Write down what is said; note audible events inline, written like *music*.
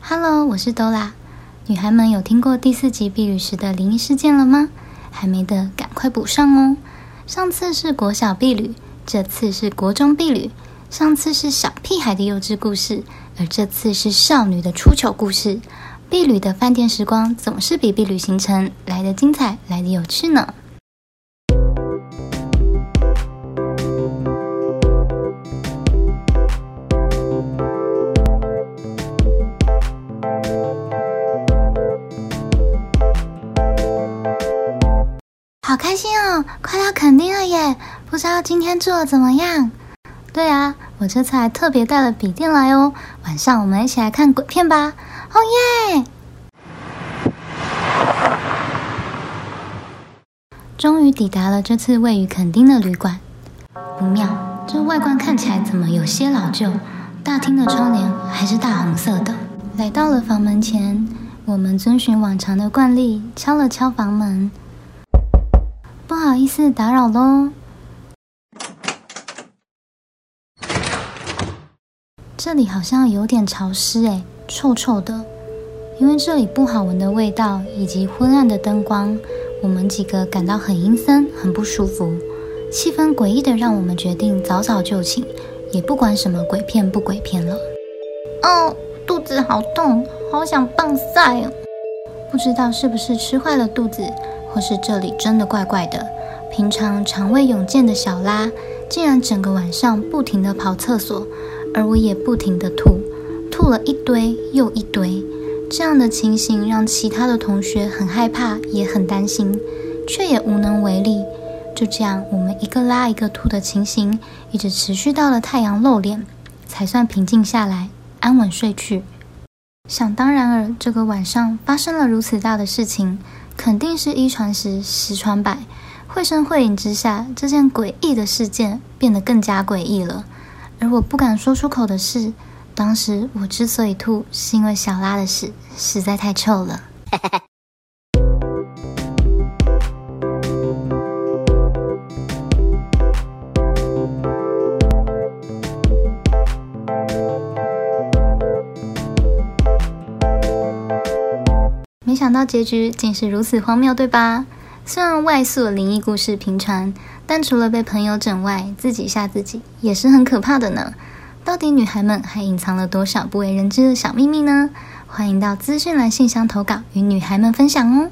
Hello，我是兜啦。女孩們有聽過第四集畢旅時的靈異事件了嗎？還沒的，趕快補上哦。上次是國小畢旅，這次是國中畢旅。上次是小屁孩的幼稚故事，而這次是少女的出糗故事。畢旅的飯店時光總是比畢旅行程來得精彩，來得有趣呢。好開心哦，快到墾丁了耶！不知道今天住的怎麼樣？對啊，我這次還特別帶了筆電來哦。晚上我們一起來看鬼片吧！哦耶！終於抵達了這次位於墾丁的旅館。不妙，這外觀看起來怎麼有些老舊？大廳的窗簾還是大紅色的。來到了房門前，我們遵循往常的慣例，敲了敲房門。不好意思，打擾嘍。這裡好像有點潮濕，哎、臭臭的。因為這裡不好聞的味道以及昏暗的燈光，我們幾個感到很陰森，很不舒服。氣氛詭異的，讓我們決定早早就寢，也不管什麼鬼片不鬼片了。哦，肚子好痛，好想落賽哦。不知道是不是吃壞了肚子。或是這裡真的怪怪的，平常腸胃勇健的小拉，竟然整個晚上不停地跑廁所，而我也不停地吐，吐了一堆又一堆。這樣的情形讓其他的同學很害怕，也很擔心，卻也無能為力。就這樣，我們一個拉一個吐的情形，一直持續到了太陽露臉，才算平靜下來，安穩睡去。想當然爾，這個晚上發生了如此大的事情。肯定是一傳十，十傳百。繪聲繪影之下，這件詭異的事件變得更加詭異了。而我不敢說出口的是，當時我之所以吐，是因為小拉的屎實在太臭了。 *laughs* 沒想到結局竟是如此荒謬，對吧？雖然外宿靈異故事頻傳，但除了被朋友整外，自己嚇自己也是很可怕的呢。到底女孩們還隱藏了多少不為人知的小秘密呢？歡迎到資訊欄信箱投稿，與女孩們分享哦。